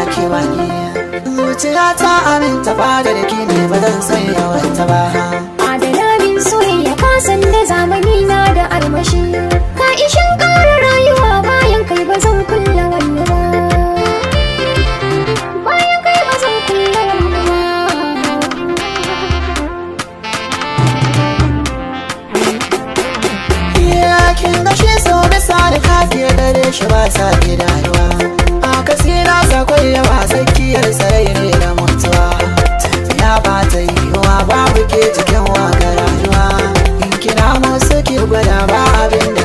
baki baki zuciya ta aminta fada da ke ne ba zan sanya wata ba adalamin soyayya ka san da zamani na da armashi ka ishin ƙara rayuwa bayan kai ba zan kulla wani ba bayan kai ba zan kulla wani ba Iyakin da shi sau bisa da kafiyar dare shi ba sa idanuwa tafiyar sarari da mutuwa ya ba ta yiwuwa babu ke cikin wa rayuwa in kira musu ki gwada ba abin da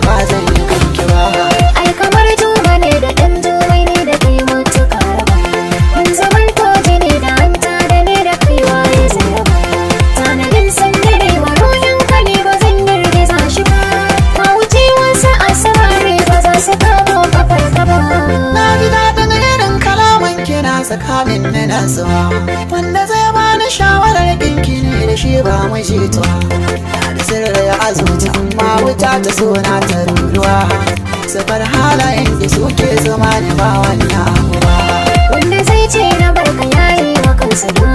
tsakanin na nasuwa wanda zai bani shawarar ɗinki ne da shi ba mu jituwa da sirri ya azuta amma wuta ta sona ta ruruwa safar halayen da suke zama da ba wani ba wanda zai ce na barka yayi wa kansa